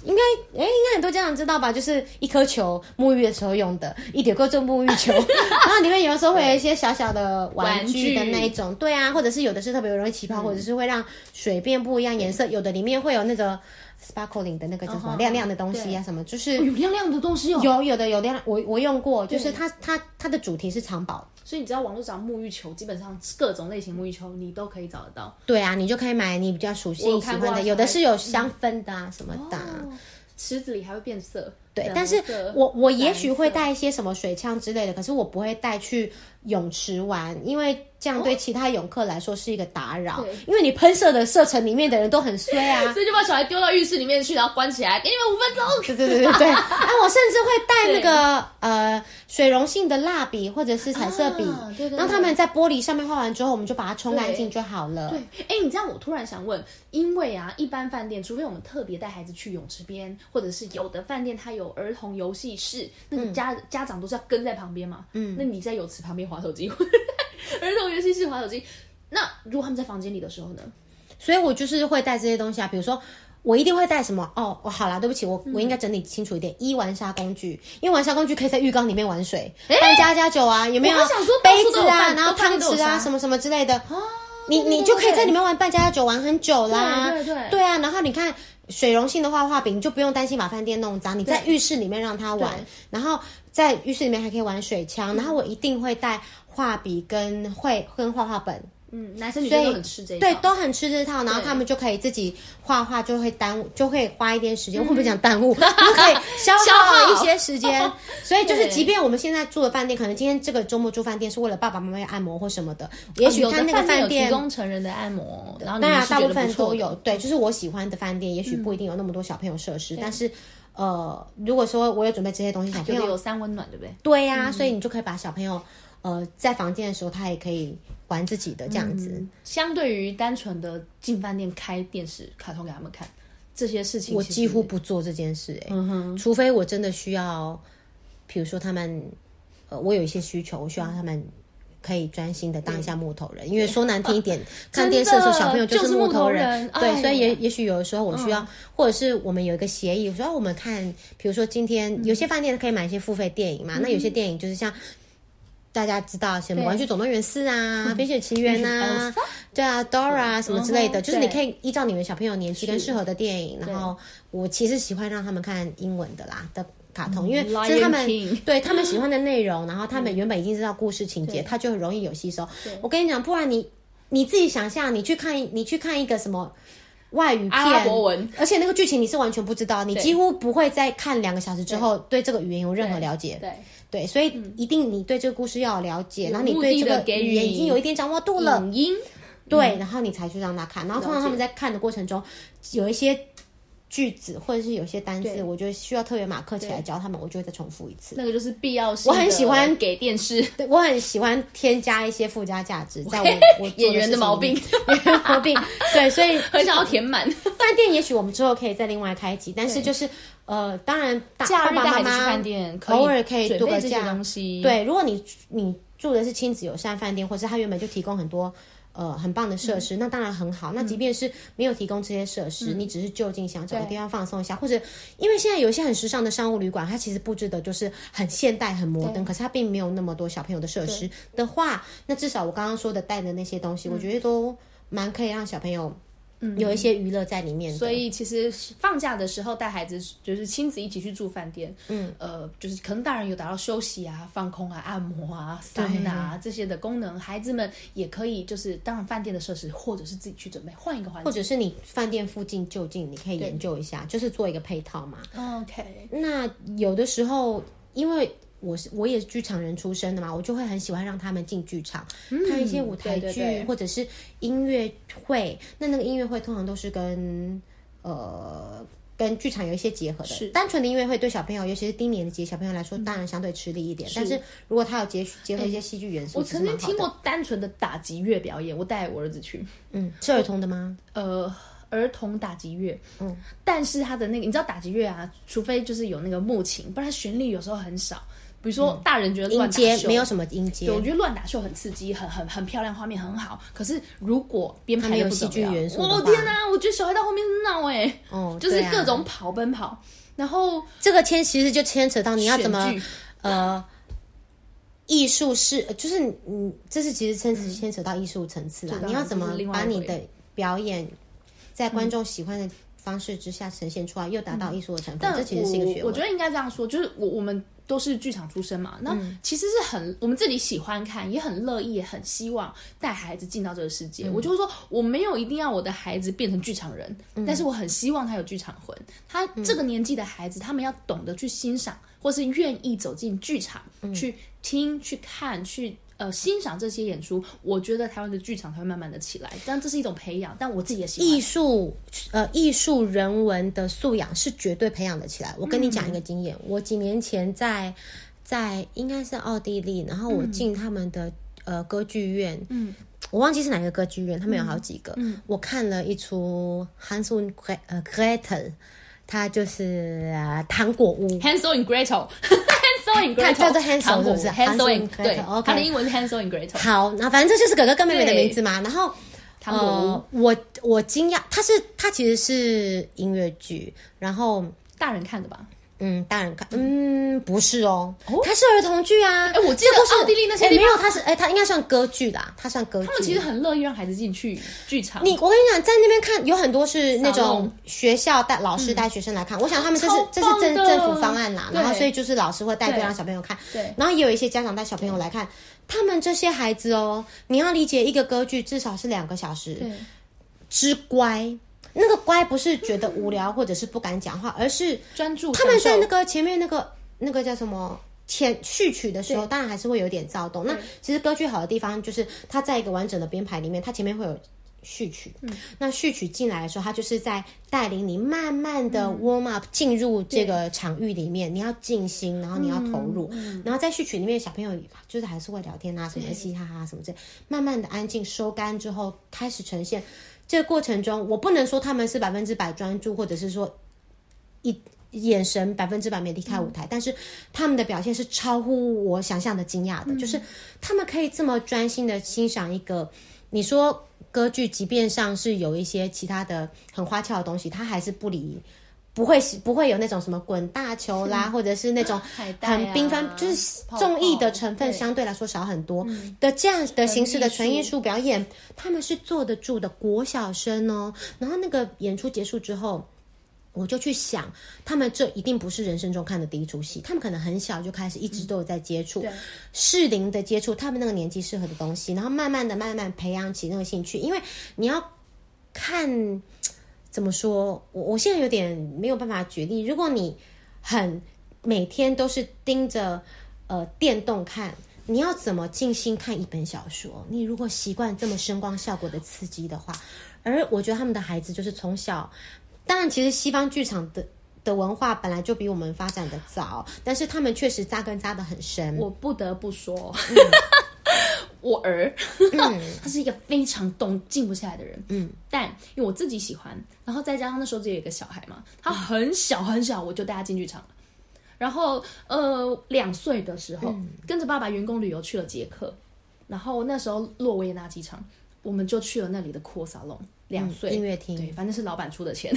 應該，哎、欸，應該很多家長知道吧？就是一顆球，沐浴的時候用的，一丟個做沐浴球。 然後裡面有的時候會有一些小小的玩具的那一種，對，對啊，或者是有的是特別容易起泡，嗯、或者是會讓水變不一樣顏色。嗯、有的裡面會有那個 sparkling 的那個叫什麼、uh、huh, 亮亮的東西啊，什麼對就是有，有亮亮的東西哦。有有的有亮，我我用過，對就是它它它的主題是藏寶。所以你知道，網絡找沐浴球，基本上各種類型沐浴球你都可以找得到。對啊，你就可以買你比較屬性喜歡的，有，啊、有的是有香氛的啊、嗯、什麼的、啊，池子裡還會變色。對，但是我我也許會帶一些什麼水槍之類的，可是我不會帶去泳池玩，因為，這樣對其他遊客來說是一個打擾，哦、對因為你噴射的射程裡面的人都很衰啊，所以就把小孩丟到浴室裡面去，然後關起來，給你們五分鐘。 對對對對對。啊，我甚至會帶那個對呃水溶性的蠟筆或者是彩色筆，啊、對對對對然後他們在玻璃上面畫完之後，我們就把它沖乾淨就好了。對，哎，你知道我突然想問。因為啊，一般飯店，除非我們特別帶孩子去泳池邊，或者是有的飯店它有兒童遊戲室，嗯、那家家長都是要跟在旁邊嘛。嗯，那你在泳池旁邊滑手機呵呵，兒童遊戲室滑手機。那如果他們在房間裡的時候呢？所以我就是會帶這些東西啊，比如說我一定會帶什麼哦，我好啦，對不起，我、嗯、我應該整理清楚一點。一玩沙工具，因為玩沙工具可以在浴缸裡面玩水，扮家家酒啊，誒有沒有？我想說杯子啊，拌然後湯匙啊，都都什麼什麼之類的。你你就可以在裡面玩扮家家酒玩很久啦，對對對，對啊。然後你看水溶性的畫畫筆，你就不用擔心把飯店弄髒。對對對，你在浴室裡面讓他玩，對對對，然後在浴室裡面還可以玩水槍。對對對，然後我一定會帶畫筆跟繪跟畫畫本。嗯，男生女生都很吃這一套。對，都很吃這套，然後他們就可以自己畫畫，就會耽誤，就會花一點時間。我不不講耽誤，就可以消耗一些時間。所以就是，即便我們現在住的飯店，可能今天這個週末住飯店是為了爸爸媽媽按摩或什麼的，也許他那個飯店有提供成人的按摩。然後當然大部分都有，對，就是我喜歡的飯店，也許不一定有那麼多小朋友設施，但是呃，如果說我有準備這些東西，小要有三溫暖對不對？對呀，所以你就可以把小朋友，呃，在房間的時候，他也可以玩自己的這樣子。相對於單純的進飯店開電視、卡通給他們看這些事情，我幾乎不做這件事。哎，除非我真的需要，比如說他們，呃，我有一些需求，我需要他們可以專心的當一下木頭人。因為說難聽一點，看電視的時候，小朋友就是木頭人。對，所以也也許有的時候，我需要，或者是我們有一個協議，說我們看，比如說今天有些飯店可以買一些付費電影嘛。那有些電影就是像。大家知道什麼？玩具總動員四啊，冰雪奇緣啊，對啊，Dora 什麼之類的，就是你可以依照你們小朋友年紀跟適合的電影。然後我其實喜歡讓他們看英文的啦的卡通，因為是他們對他們喜歡的內容，然後他們原本已經知道故事情節，他就很容易有吸收。我跟你講，不然你你自己想象，你去看你去看一個什麼外語片，而且那個劇情你是完全不知道，你幾乎不會再看兩個小時之後對這個語言有任何了解。對。對，所以一定你對這個故事要有了解，然後你對這個語言有一點掌握度了，對，然後你才去讓他看。然後，通常他們在看的過程中，有一些句子或者是有些單詞，我覺得需要特別馬克起來教他們，我就會再重複一次。那個就是必要。我很喜歡給電視，對，我很喜歡添加一些附加價值。在我演員的毛病，演員毛病。對，所以很想要填滿。飯店也許我們之後可以再另外開集，但是就是。呃，當然大，假日大爸爸媽媽偶爾可以度個假，對，如果你你住的是親子友善飯店，或者他原本就提供很多呃很棒的設施，嗯、那當然很好。嗯、那即便是沒有提供這些設施，嗯、你只是就近想找個地方放鬆一下，嗯、或者因為現在有一些很時尚的商務旅館，它其實佈置的就是很現代、很摩登，對可是它並沒有那麼多小朋友的設施對的話，那至少我剛剛說的帶的那些東西，嗯、我覺得都蠻可以讓小朋友。嗯，有一些娛樂在裡面、嗯，所以其實放假的時候帶孩子就是親子一起去住飯店，嗯，呃，就是可能大人有達到休息啊、放空啊、按摩啊、桑拿對、啊、這些的功能，孩子們也可以就是當然飯店的設施或者是自己去準備換一個環境，或者是你飯店附近就近你可以研究一下，對就是做一個配套嘛。OK，那有的時候因為。我是我也是劇場人出身的嘛，我就會很喜歡讓他們進劇場看、嗯、一些舞台劇或者是音樂會。那那個音樂會通常都是跟呃跟劇場有一些結合的。是單純的音樂會對小朋友，尤其是低年級小朋友來說，當然相對吃力一點。是但是如果他有結結合一些戲劇元素，嗯、我曾經聽過單純的打擊樂表演，我帶我兒子去，嗯，是兒童的嗎？呃，兒童打擊樂，嗯，但是他的那個你知道打擊樂啊，除非就是有那個木琴，不然他旋律有時候很少。比如說，大人覺得打音階沒有什麼音階，對，我覺得亂打秀很刺激，很很很漂亮，畫面很好。可是如果編排有戲劇元素的，哦，天哪、啊！我覺得小孩到後面鬧哎、欸，哦，就是各種跑奔跑，然後這個牽其實就牽扯到你要怎麼劇呃藝術是就是你這是其實牽扯牽扯到藝術層次了，你要怎麼把你的表演在觀眾喜歡的方式之下呈現出來，又達到藝術的成分。嗯、我這其實是一個學問。我覺得應該這樣說，就是我我們。都是劇場出身嘛，那其實是很、嗯、我們自己喜歡看，也很樂意，也很希望帶孩子進到這個世界。嗯、我就是說，我沒有一定要我的孩子變成劇場人，嗯、但是我很希望他有劇場魂。他這個年紀的孩子，嗯、他們要懂得去欣賞，或是願意走進劇場，去聽、去看、去。呃，欣賞這些演出，我覺得台灣的劇場才會慢慢的起來。但這是一種培養，但我自己也喜歡藝術，呃，藝術人文的素養是絕對培養得起來。嗯、我跟你講一個經驗，我幾年前在在應該是奧地利，然後我進他們的、嗯、呃歌劇院，嗯，我忘記是哪個歌劇院，他們有好幾個，嗯，嗯我看了一出 Hansel and Gretel，、呃、他就是、呃、糖果屋 Hansel and Gretel。Ito, 他叫做 h a n d s o e 是不是？h a n s n d g o m e 對 Okay 他的英文是 h a n s n d g r e t e 好，那反正這就是哥哥跟妹妹的名字嘛。對然後，T onto, 呃、我我驚訝，他是他其實是音樂劇，然後 T onto, 大人看的吧？嗯，大人看，嗯，不是哦，哦它是兒童劇啊。哎、欸，我記得奧地利那些、欸、沒有，它是哎、欸，它應該算歌劇啦，它算歌劇。他們其實很樂意讓孩子進去劇場。你，我跟你講，在那邊看有很多是那種學校帶老師帶學生來看，嗯、我想他們這是這是政政府方案啦。對然後所以就是老師會帶隊讓小朋友看，對。對然後也有一些家長帶小朋友來看，對他們這些孩子哦，你要理解一個歌劇至少是兩個小時，之對乖。那個乖不是覺得無聊或者是不敢講話，嗯、而是專注。他們在那個前面那個、嗯、那個叫什麼前序曲的時候，對當然還是會有點躁動。對那其實歌劇好的地方就是它在一個完整的編排裡面，它前面會有序曲。嗯、那序曲進來的時候，它就是在帶領你慢慢的 warm up 進入這個場域裡面，嗯、你要靜心，然後你要投入，嗯嗯、然後在序曲裡面，小朋友就是還是會聊天啊，什麼嘻嘻哈哈什麼這樣，對慢慢的安靜收乾之後，開始呈現。這個過程中，我不能說他們是百分之百專注，或者是說一眼神百分之百沒離開舞台，嗯、但是他們的表現是超乎我想象的驚訝的，嗯、就是他們可以這麼專心的欣賞一個，你說歌劇，即便上是有一些其他的很花俏的東西，他還是不離。不會不會有那種什麼滾大球啦，嗯、或者是那種很繽紛，啊、就是綜藝的成分相對來說少很多，嗯、的這樣的形式的純藝術表演，他們是坐得住的。國小生哦，然後那個演出結束之後，我就去想，他們這一定不是人生中看的第一出戲，他們可能很小就開始一直都有在接觸適齡的接觸，他們那個年紀適合的東西，然後慢慢的、慢慢培養起那個興趣，因為你要看。怎麼說，我我現在有點沒有辦法舉例。如果你很每天都是盯着呃電動看，你要怎麼靜心看一本小說？你如果習慣這麼聲光效果的刺激的話，而我覺得他們的孩子就是從小，當然其實西方劇場的的文化本來就比我們發展得早，但是他們確實扎根扎得很深，我不得不說。 嗯我兒，嗯、 他是一個非常動靜不下來的人。嗯，但因為我自己喜歡，然後再加上那時候自己有一個小孩嘛，他很小很小，我就帶他進劇場了。然後，呃，兩歲的時候、嗯、跟着爸爸員工旅遊去了捷克，然後那時候洛維納機場，我們就去了那裡的擴沙龍。兩歲、嗯、音樂廳，對，反正是老闆出的錢，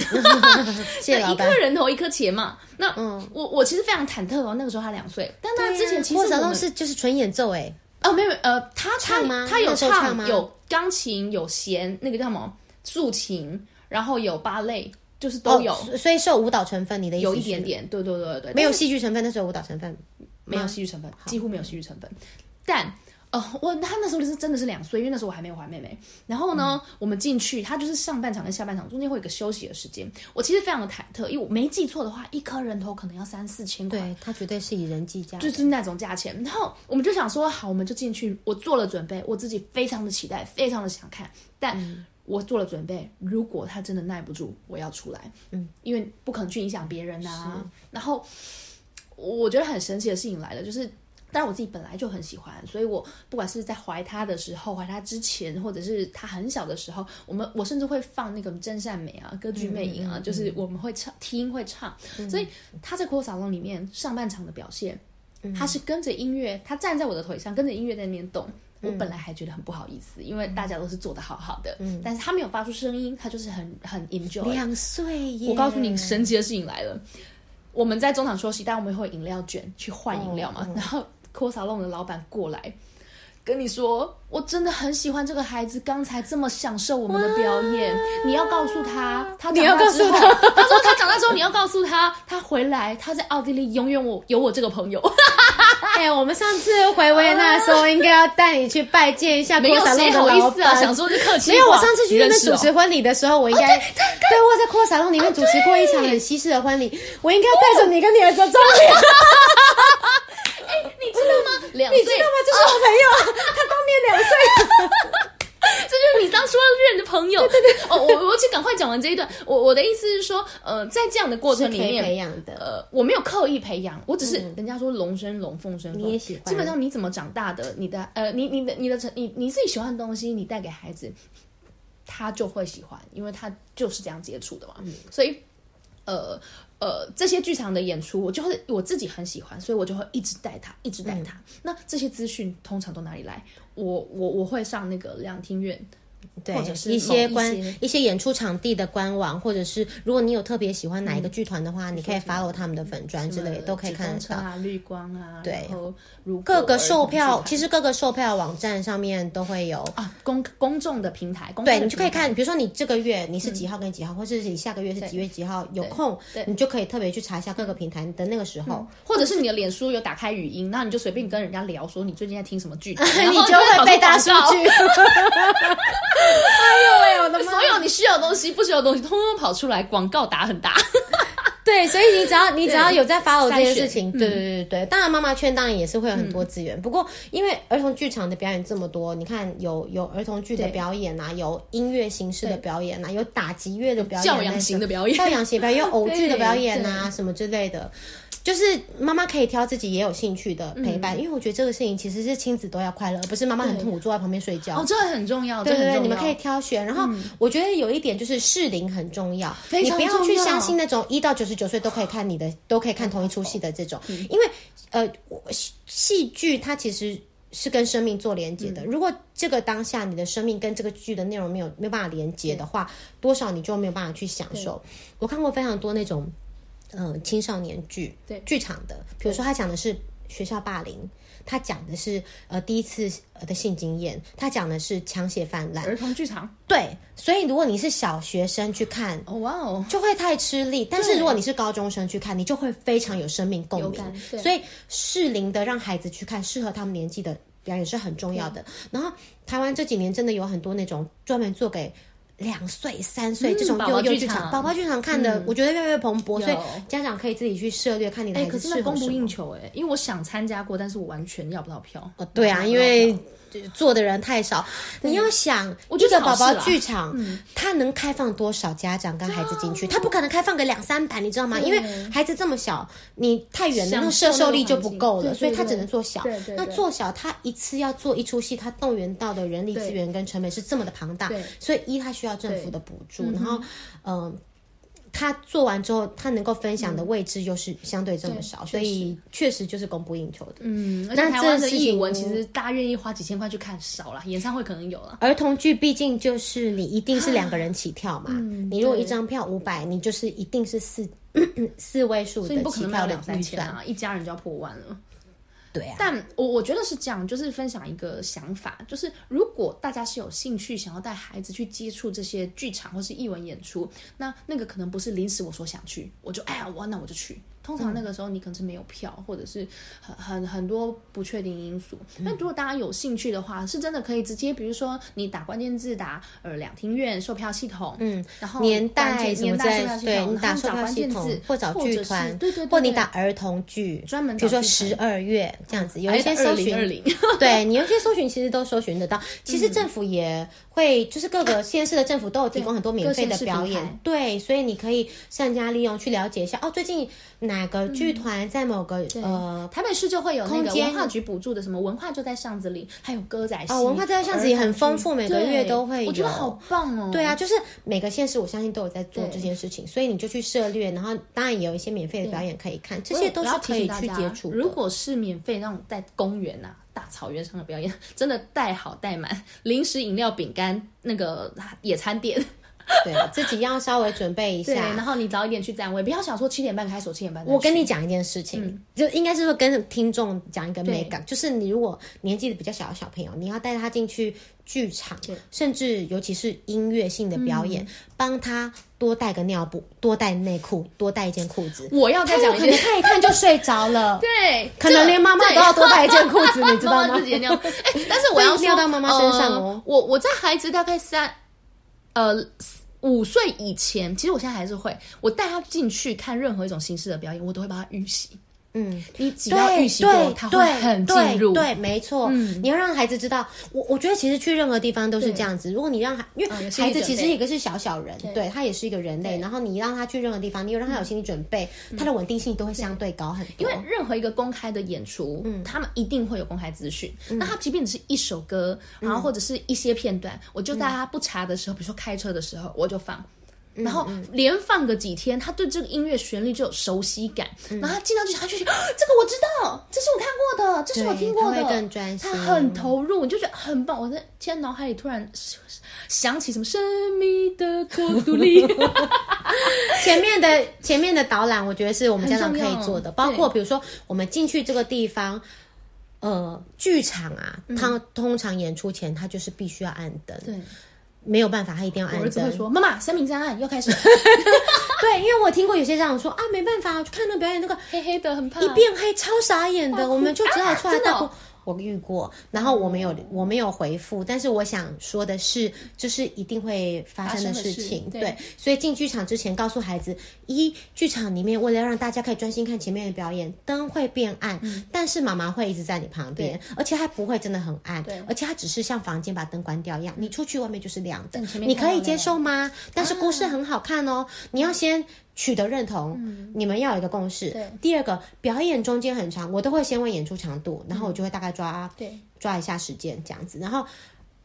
對 一個人頭一顆錢嘛。那我、嗯、我其實非常忐忑哦，那個時候他兩歲，但他之前其實擴沙龍是就是純演奏哎。哦，沒有，呃，他，他唱嗎，他有唱，唱嗎？有鋼琴，有弦，那個叫什麼？豎琴，然後有芭蕾，就是都有，oh, 所以受舞蹈成分，你的意思是？有一點點，對對對對，是沒有戲劇成分，但是有舞蹈成分，嗎沒有戲劇成分，幾乎沒有戲劇成分，好嗯、但。哦，uh, 我他那時候就是真的是兩歲，因為那時候我還沒有懷妹妹。然後呢，嗯、我們進去，他就是上半場跟下半場中間會有一個休息的時間。我其實非常的忐忑，因為我沒記錯的話，一顆人頭可能要三四千塊。對，他絕對是以人計價，就是那種價錢。然後我們就想說，好，我們就進去。我做了準備，我自己非常的期待，非常的想看。但我做了準備，如果他真的耐不住，我要出來。嗯，因為不可能去影響別人啊。是然後我覺得很神奇的事情來了，就是。但我自己本來就很喜歡，所以我不管是在懷他的時候、懷他之前，或者是他很小的時候，我們我甚至會放那個《真善美》啊，《歌劇魅影》啊，嗯、就是我們會唱、聽、嗯、會唱。嗯、所以他在《快樂小動物》裡面上半場的表現，嗯、他是跟着音樂，他站在我的腿上，跟着音樂在那邊動。嗯、我本來還覺得很不好意思，因為大家都是做得好好的，嗯、但是他沒有發出聲音，他就是很很 enjoy。兩歲，我告訴你，神奇的事情來了，我們在中場休息，但我們會飲料券去換飲料嘛，哦嗯、然後。科薩龍的老闆過來，跟你說：“我真的很喜歡這個孩子，剛才這麼享受我們的表演。哇”你要告訴他，他長大之後你要告訴他，他說他長大之後你要告訴他， 他回來他在奧地利永遠我有我這個朋友。哈哈哎，我們上次回維也納的時候，我應該要帶你去拜見一下科薩龍的老闆。啊、想說就客氣，沒有我上次去跟他主持婚禮的時候，哦、我應該、oh, 對，對，對，我在科薩龍裡面主持過一場很西式的婚禮，oh, 對我應該帶着你跟你的兒子照片。Oh. 兩歲你知道嗎？這是我朋友，哦、他當年兩歲，這就是你當初認的朋友。對對、對哦，我我就趕快講完這一段。我我的意思是說，呃，在這樣的過程裡面，培養的、呃、我沒有刻意培養，我只是人家說龍生龍，鳳生鳳。基本上你怎麼長大的，你的呃，你你的你的成你你自己喜歡的東西，你帶給孩子，他就會喜歡，因為他就是這樣接觸的嘛。嗯、所以呃。呃，這些劇場的演出，我就會，我自己很喜歡，所以我就會一直帶他，一直帶他。嗯、那這些資訊通常都哪裡來？我我我會上那個兩廳院。對，一些關，一些演出場地的官網，或者是如果你有特別喜歡哪一個劇團的話，你可以 follow 他們的粉專之類，都可以看到。綠光啊，對，各個售票，其實各個售票網站上面都會有啊公公眾的平台，對，你就可以看，比如說你這個月你是幾號跟幾號，或是你下個月是幾月幾號有空，你就可以特別去查一下各個平台的那個時候，或者是你的臉書有打開語音，那你就隨便跟人家聊說你最近在聽什麼劇，你就會被大數據。哎呦喂！我的媽，所有你需要的東西、不需要的東西，通通跑出來，廣告打很大。對，所以你只要、你只要有在發我這件事情，對對對，當然媽媽圈當然也是會有很多資源，不過因為兒童劇場的表演這麼多，你看有有兒童劇的表演啊，有音樂形式的表演啊，有打擊樂的表演、教養型的表演、教養型表演、有偶劇的表演啊，什麼之類的。就是媽媽可以挑自己也有興趣的陪伴，因為我覺得這個事情其實是親子都要快樂，而不是媽媽很痛苦坐在旁邊睡覺。哦，這很重要。對對對，你們可以挑選。然後我覺得有一點就是適齡很重要，你不要去相信那種一到九十九歲都可以看你的，都可以看同一出戲的這種。因為呃，戲劇它其實是跟生命做連接的。如果這個當下你的生命跟這個劇的內容沒有沒有辦法連接的話，多少你就沒有辦法去享受。我看過非常多那種。嗯，青少年劇，對，劇場的，比如說他講的是學校霸凌，對他講的是呃第一次的性經驗，他講的是槍械泛濫，兒童劇場，對，所以如果你是小學生去看，哦哇哦，就會太吃力，但是如果你是高中生去看，對你就會非常有生命共鳴，所以適齡的讓孩子去看，適合他們年紀的表演是很重要的。對然後台灣這幾年真的有很多那種專門做給。兩歲、三歲、嗯、這種又又劇場寶寶劇場看的，我覺得越來越蓬勃，嗯、所以家長可以自己去涉獵，嗯、看你的孩子。哎、欸，可是那供不應求哎，因為我想參加過，但是我完全要不到票。嗯、對啊，因為。做的人太少，你要想，一個寶寶劇場，嗯、它能開放多少家長跟孩子進去？樣它不可能開放個兩三百，你知道嗎？嗯、因為孩子這麼小，你太遠了，那攝受力就不夠了，對對對對，所以他只能做小。對對對對，那做小，他一次要做一齣戲，他動員到的人力資源跟成本是這麼的龐大，所以一他需要政府的補助，嗯、然後，嗯、呃。他做完之後，他能夠分享的位置又是相對這麼少，嗯、所以確實，確實就是供不應求的。嗯，那這是引文其實大家願意花幾千塊去看少了，演唱會可能有了。兒童劇畢竟就是你一定是兩個人起跳嘛，啊嗯、你如果一張票五百，你就是一定是四、嗯、四位數的，起跳的，所以不可能兩三千啊，一家人就要破萬了。對啊，但我我覺得是這樣，就是分享一個想法，就是如果大家是有興趣想要帶孩子去接觸這些劇場或是藝文演出，那那個可能不是臨時我說想去，我就哎呀我那我就去。通常那個時候你可能是沒有票，或者是很很很多不確定因素。那如果大家有興趣的話，是真的可以直接，比如說你打關鍵字打呃兩廳院售票系統，嗯，然後年代年代售票系統，對，你打售票系統，或找劇團，對對對，或你打兒童劇，專門，比如說十二月這樣子，有一些搜尋，對，你有些搜尋其實都搜尋得到。其實政府也會，就是各個縣市的政府都有提供很多免費的表演，對，所以你可以善加利用去了解一下。哦，最近哪？哪個劇團在某個呃台北市就會有那個，文化局補助的什麼文化就在巷子裡，還有歌仔戲。哦，文化在巷子裡很豐富，每個月都會有。我覺得好棒哦！對啊，就是每個縣市我相信都有在做這件事情，所以你就去涉獵。然後當然也有一些免費的表演可以看，這些都是可以去接觸。如果是免費那種在公園啊、大草原上的表演，真的帶好帶滿零食、飲料、餅乾，那個野餐墊。對自己要稍微準備一下，對，然後你早一點去站位，不要想說七點半開始，我七點半。我跟你講一件事情，就應該是說跟聽眾講一個美感，就是你如果年紀比較小的小朋友，你要帶他進去劇場，甚至尤其是音樂性的表演，幫他多帶個尿布，多帶內褲，多帶一件褲子。我要再講一件，看一看就睡着了，對，可能連媽媽都要多帶一件褲子，你知道嗎？但是我要說，會尿到媽媽身上哦。我我在孩子大概三，呃。五歲以前，其實我現在還是會，我帶他進去看任何一種形式的表演，我都會把他預習。嗯，你只要預習過對，他會很進入。對，沒錯。你要讓孩子知道，我我覺得其實去任何地方都是這樣子。如果你讓孩，因為孩子其實一個是小小人，對，他也是一個人類。然後你讓他去任何地方，你有讓他有心理準備，他的穩定性都會相對高很多。因為任何一個公開的演出，他們一定會有公開資訊。那他即便只是一首歌，然後或者是一些片段，我就在他不查的時候，比如說開車的時候，我就放。然後連放個幾天，嗯嗯、他對這個音樂旋律就有熟悉感。嗯、然後他經常就想，他就覺得這個我知道，這是我看過的，對這是我聽過的，他很專心，他很投入，我就覺得很棒。我在現在腦海裡突然想起什麼神秘的克獨立。前面的前面的導覽，我覺得是我們家長可以做的，包括比如說我們進去這個地方，對呃，劇場啊，嗯、它通常演出前它就是必須要按燈。對。沒有辦法，他一定要按。我只會說：“媽媽，生命在暗，又開始了。” 對，因為我聽過有些家長說啊，沒辦法，我就看那表演，那個黑黑的，很胖，一變黑超傻眼的，哭我們就只好出來大哭。啊啊我遇過，然後我沒有、嗯、我沒有回復，但是我想說的是，這、就是一定會發生的事情。啊、是是對，所以進劇場之前告訴孩子，對一劇場裡面為了讓大家可以專心看前面的表演，燈會變暗，嗯、但是媽媽會一直在你旁邊，對而且它不會真的很暗，對而且它只是像房間把燈關掉一樣，你出去外面就是亮的，你可以接受嗎？但是故事很好看哦，啊、你要先。取得認同，嗯、你們要有一個共識。對第二個表演中間很長，我都會先問演出長度，然後我就會大概抓、嗯、對，抓一下時間這樣子。然後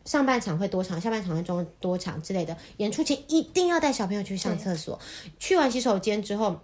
上半場會多長，下半場會中多長之類的。演出前一定要帶小朋友去上廁所，對去完洗手間之後，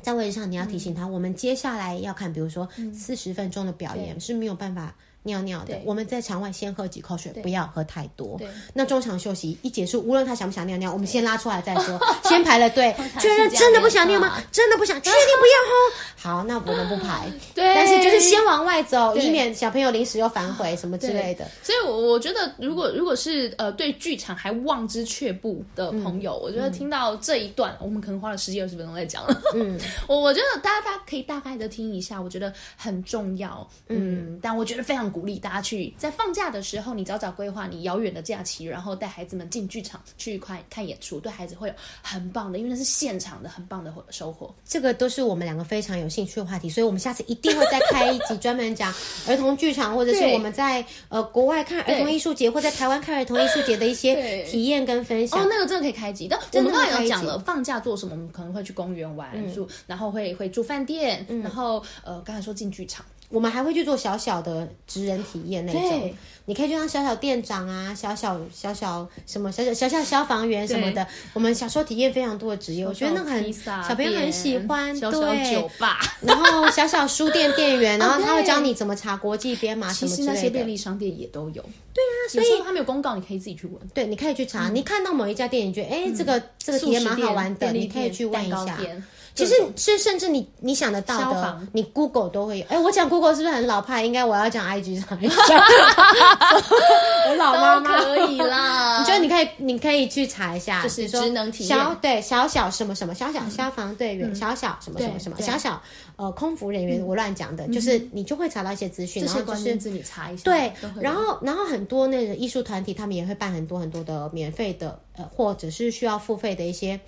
在位置上你要提醒他，嗯、我們接下來要看，比如說四十分鐘的表演、嗯、是沒有辦法。尿尿的，我們在場外先喝幾口水，不要喝太多。對，那中場休息一結束，無論他想不想尿尿，我們先拉出來再說，先排了隊，確認真的不想尿嗎？真的不想，確定不要喝？好，那我們不排。對，但是就是先往外走，以免小朋友臨時又反悔什麼之類的。所以，我我覺得，如果如果是呃對劇場還望之卻步的朋友，我覺得聽到這一段，我們可能花了十幾二十分鐘在講。嗯，我我覺得大家大家可以大概的聽一下，我覺得很重要。嗯，但我覺得非常。鼓勵大家去在放假的時候，你早早規劃你遙遠的假期，然後帶孩子們進劇場去看看演出，對孩子會有很棒的，因為那是現場的很棒的收穫。這個都是我們兩個非常有興趣的話題，所以我們下次一定會再開一集專門講兒童劇場， 或者是我們在對呃國外看兒童藝術節，對或在台灣看兒童藝術節的一些體驗跟分享。 對哦，那個真的可以開集的。那我們剛剛有講了，集放假做什麼？我們可能會去公園玩、嗯、住，然後會會住飯店，嗯、然後呃剛才說進劇場。我們還會去做小小的職人體驗那種，你可以去當小小店長啊，小小小小什麼小小小小消防員什麼的。我們小時候體驗非常多的職業，我覺得那很小朋友很喜歡。對，然後小小書店店員，然後他會教你怎麼查國際編碼，其實那些便利商店也都有。對啊，所以他沒有公告，你可以自己去問。對，你可以去查，你看到某一家店你覺得哎這個這個體驗蠻好玩的，你可以去問一下。其實，是甚至你你想得到的，你 Google 都會有。誒，我講 Google 是不是很老派？應該我要講 IG 才好。我老媽媽可以啦。你覺得你可以，你可以去查一下，就是職能體驗，小對小小什麼什麼小小消防隊員，小小什麼什麼什麼小小呃空服人員，我亂講的，就是你就會查到一些資訊。然後甚至你查一下。對，然後然後很多那個藝術團體他們也會辦很多很多的免費的呃，或者是需要付費的一些。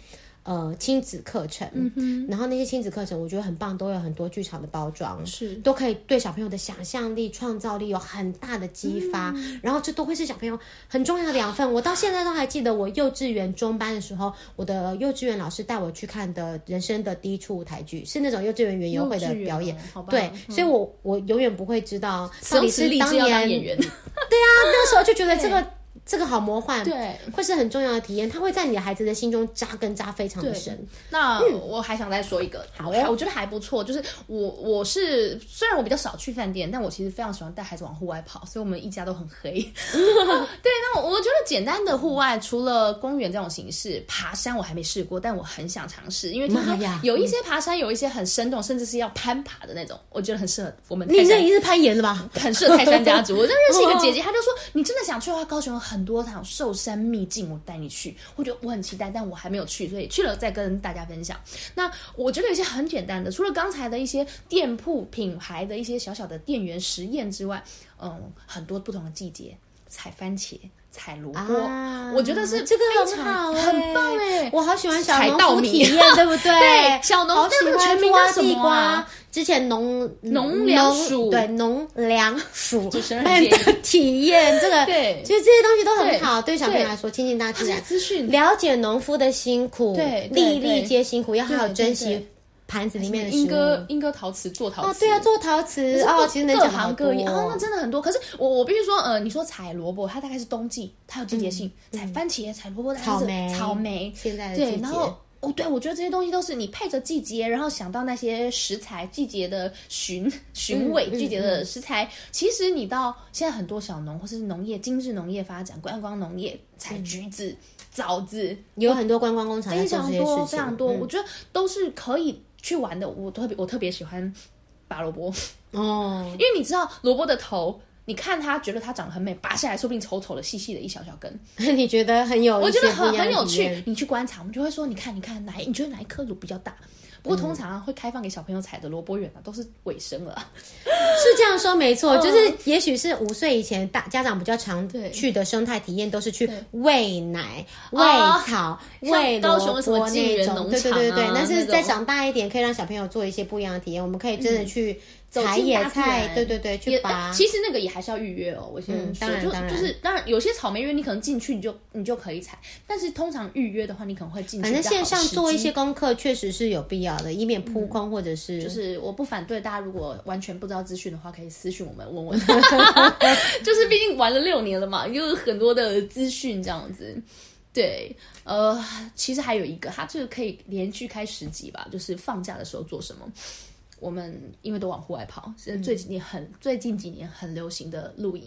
呃，親子課程，嗯、哼然後那些親子課程，我覺得很棒，都有很多劇場的包裝，是都可以對小朋友的想象力、創造力有很大的激發，嗯、然後這都會是小朋友很重要的養分。我到現在都還記得，我幼稚園中班的時候，我的幼稚園老師帶我去看的人生的第一出舞台劇，是那種幼稚園園遊會的表演。啊好啊、對，嗯、所以我我永遠不會知道，到底是當年演員，對啊，那個時候就覺得這個。 這個好魔幻，對，會是很重要的體驗，它會在你的孩子的心中扎根扎非常的深。那、嗯、我還想再說一個，好，嗯、我覺得還不錯，就是我我是雖然我比較少去飯店，但我其實非常喜歡帶孩子往戶外跑，所以我們一家都很黑。嗯、 對，那我覺得簡單的戶外、嗯、除了公園這種形式，爬山我還沒試過，但我很想嘗試，因為聽說有一些爬山有一些很生動，嗯、甚至是要攀爬的那種，我覺得很適合我們。你這已經是攀岩了吧？很適合泰山家族。我就認識一個姐姐， 她就說：“你真的想去的話，高雄很。”很多場壽山秘境，我帶你去，我覺得我很期待，但我還沒有去，所以去了再跟大家分享。那我覺得有些很簡單的，除了剛才的一些店鋪品牌的一些小小的店員實驗之外，嗯，很多不同的季節採番茄，採蘿蔔，我覺得是這個很好，很棒誒，我好喜歡小農夫體驗，對不對？對，小農那個全名叫什麼啊？之前農農農，對，農糧署的體驗這個，對，其實這些東西都很好，對小朋友來說，親近大自然，了解農夫的辛苦，對，粒粒皆辛苦，要好好珍惜。盤子裡面，鶯歌、鶯歌陶瓷做陶瓷啊，對啊，做陶瓷哦，其實那各行各業哦，那真的很多。可是我我必須說，呃，你說採蘿蔔，它，大概是冬季，它有季節性；採番茄、採蘿蔔、草莓、草莓，現在的季節，對，然後哦，對，我覺得這些東西都是你配着季節，然後想到那些食材季節的尋尋味，季節的食材。其實你到現在很多小農或是農業、精致農業發展觀光農業，採橘子、棗子，有很多觀光工廠，非常多非常多。我覺得都是可以去玩的，我特別我特別喜歡拔蘿蔔，哦，oh. 因為你知道蘿蔔的頭，你看它覺得它長得很美，拔下來說不定醜丑的、細細的一小小根，你覺得很有，我覺得很很有趣。你去觀察，我們就會說，你看，你看哪，你覺得哪一顆乳比較大？不過通常、啊嗯、會開放給小朋友採的蘿蔔園啊，都是尾聲了、啊，是這樣說沒錯，哦、就是也許是五歲以前大對家長比較常去的生態體驗都是去餵奶、餵對草、餵蘿蔔那種，對對對對。但是再長大一點，可以讓小朋友做一些不一樣的體驗，我們可以真的去。嗯採野菜，對對對，去拔。其實那個也還是要預約哦。我先說，嗯、就就是當然有些草莓園你可能進去你就你就可以採，但是通常預約的話你可能會進去。反正線上做一些功課確實是有必要的，以免撲空或者是。嗯、就是我不反對大家如果完全不知道資訊的話，可以私訊我們問問。 就是畢竟玩了六年了嘛，有很多的資訊這樣子。對，呃，其實還有一個，它這個可以連續開十集吧？就是放假的時候做什麼？我們因為都往戶外跑，所以最近很、嗯、最近幾年很流行的露營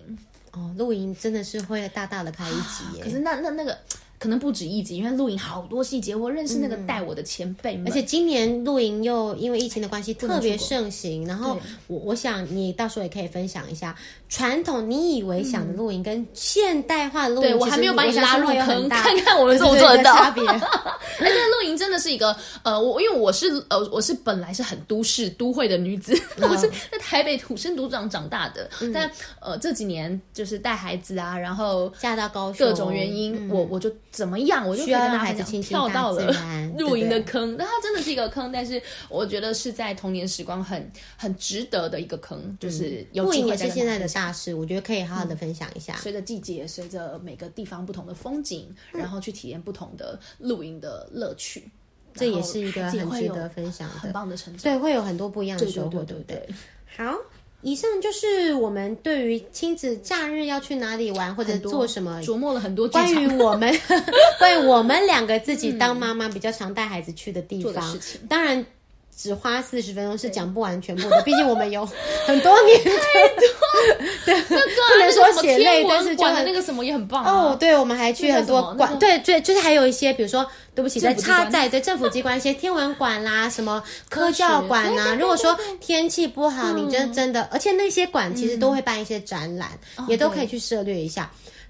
哦，露營真的是會大大的開一集耶、啊，可是那那那個。可能不止一集，因為露營好多細節，我認識那個帶我的前輩們、嗯，而且今年露營又因為疫情的關係特別盛行。然後我我想你到時候也可以分享一下傳對統你以為想的露營跟現代化的露營，對我還沒有把你拉入坑，看看我們做不做得到。哎、就是，那個、 欸、露營真的是一個呃，我因為我是呃，我是本來是很都市都會的女子，oh. 我是在台北土生土長長大的，嗯、但呃這幾年就是帶孩子啊，然後嫁到高雄各種原因，嗯、我我就。怎麼樣？我就需要跟孩子親近大自然，跳到了露營的坑，那它真的是一個坑， 但是我覺得是在童年時光很很值得的一個坑，嗯、就是有露營也是現在的大事，我覺得可以好好的分享一下。隨着、嗯、季節，隨着每個地方不同的風景，嗯、然後去體驗不同的露營的樂趣，嗯、後這也是一個很值得分享的，很棒的成長。對，會有很多不一樣的收穫，對不對，對，對，對，對，對，對？好。以上就是我們對於親子假日要去哪裡玩或者做什麼琢磨，了很多、關於我們對 我們兩個自己當媽媽比較常帶孩子去的地方，當然。只花四十分鐘是講不完全部的，畢竟我們有很多年，對，不能說血淚，但是講的那個什麼也很棒哦。對，我們還去很多館，對，就就是還有一些，比如說，對不起，在插在在政府機關一些天文館啦，什麼科教館啦。如果說天氣不好，你真真的，而且那些館其實都會辦一些展覽，也都可以去涉獵一下。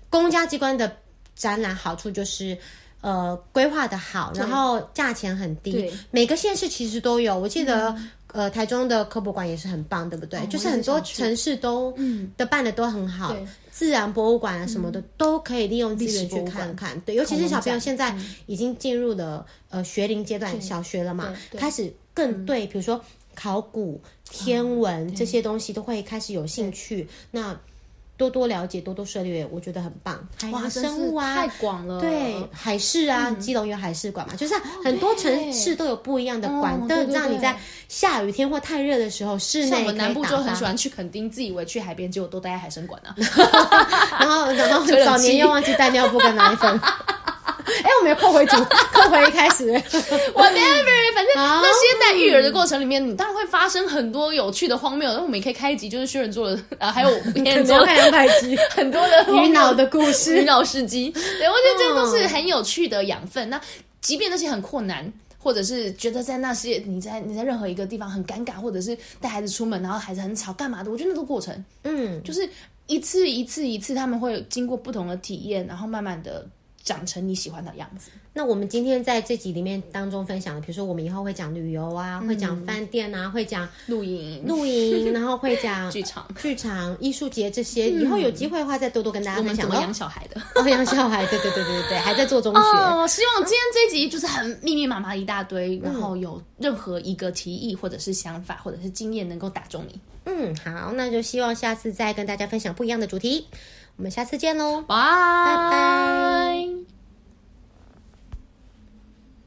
公家機關的展覽好處就是。呃，規劃的好，然後價錢很低，每個縣市其實都有。我記得，呃，台中的科博館也是很棒，對不對？就是很多城市都嗯的辦的都很好，自然博物館啊什麼的都可以利用資源去看看。對，尤其是小朋友現在已經進入了呃學齡階段，小學了嘛，開始更對，比如說考古、天文這些東西都會開始有興趣。那多多了解，多多涉獵，我覺得很棒。哇，生物啊，太廣了。對，海事啊，嗯、基隆有海事館嘛，就是很多城市都有不一樣的館。哦、對對對，都讓你在下雨天或太熱的時候，室內。像我們南部就很喜歡去墾丁，自以為去海邊，結果都待在海生館啊。 然後，然後早年又忘記帶尿布跟奶粉。 哎、欸，我們又破回主，破 回一開始，whatever， 反正那些在育兒的過程裡面，oh, 你當然會發生很多有趣的荒謬。那、嗯、我們也可以開一集，就是薛仁做的，啊，還有很多太陽派機，很多的 魚腦的故事，魚腦事蹟。對，我覺得這都是很有趣的養分。嗯、那即便那些很困難，或者是覺得在那些你在你在任何一個地方很尷尬，或者是帶孩子出門然後孩子很吵，幹嘛的，我覺得那都過程。嗯，就是一次一次一次，他們會經過不同的體驗，然後慢慢的。長成你喜歡的樣子。那我們今天在這集裡面當中分享的，比如說我們以後會講旅遊啊，嗯、會講飯店啊，會講露營、露營，然後會講 劇場、劇場、藝術節這些。以後有機會的話，再多多跟大家分享。嗯、我養小孩的， 哦，養小孩，對對對對對，還在做中學。哦，希望今天這集就是很密密麻麻一大堆，嗯、然後有任何一個提議或者是想法或者是經驗能夠打中你。嗯，好，那就希望下次再跟大家分享不一樣的主題。我們下次見嘍，Bye 拜拜。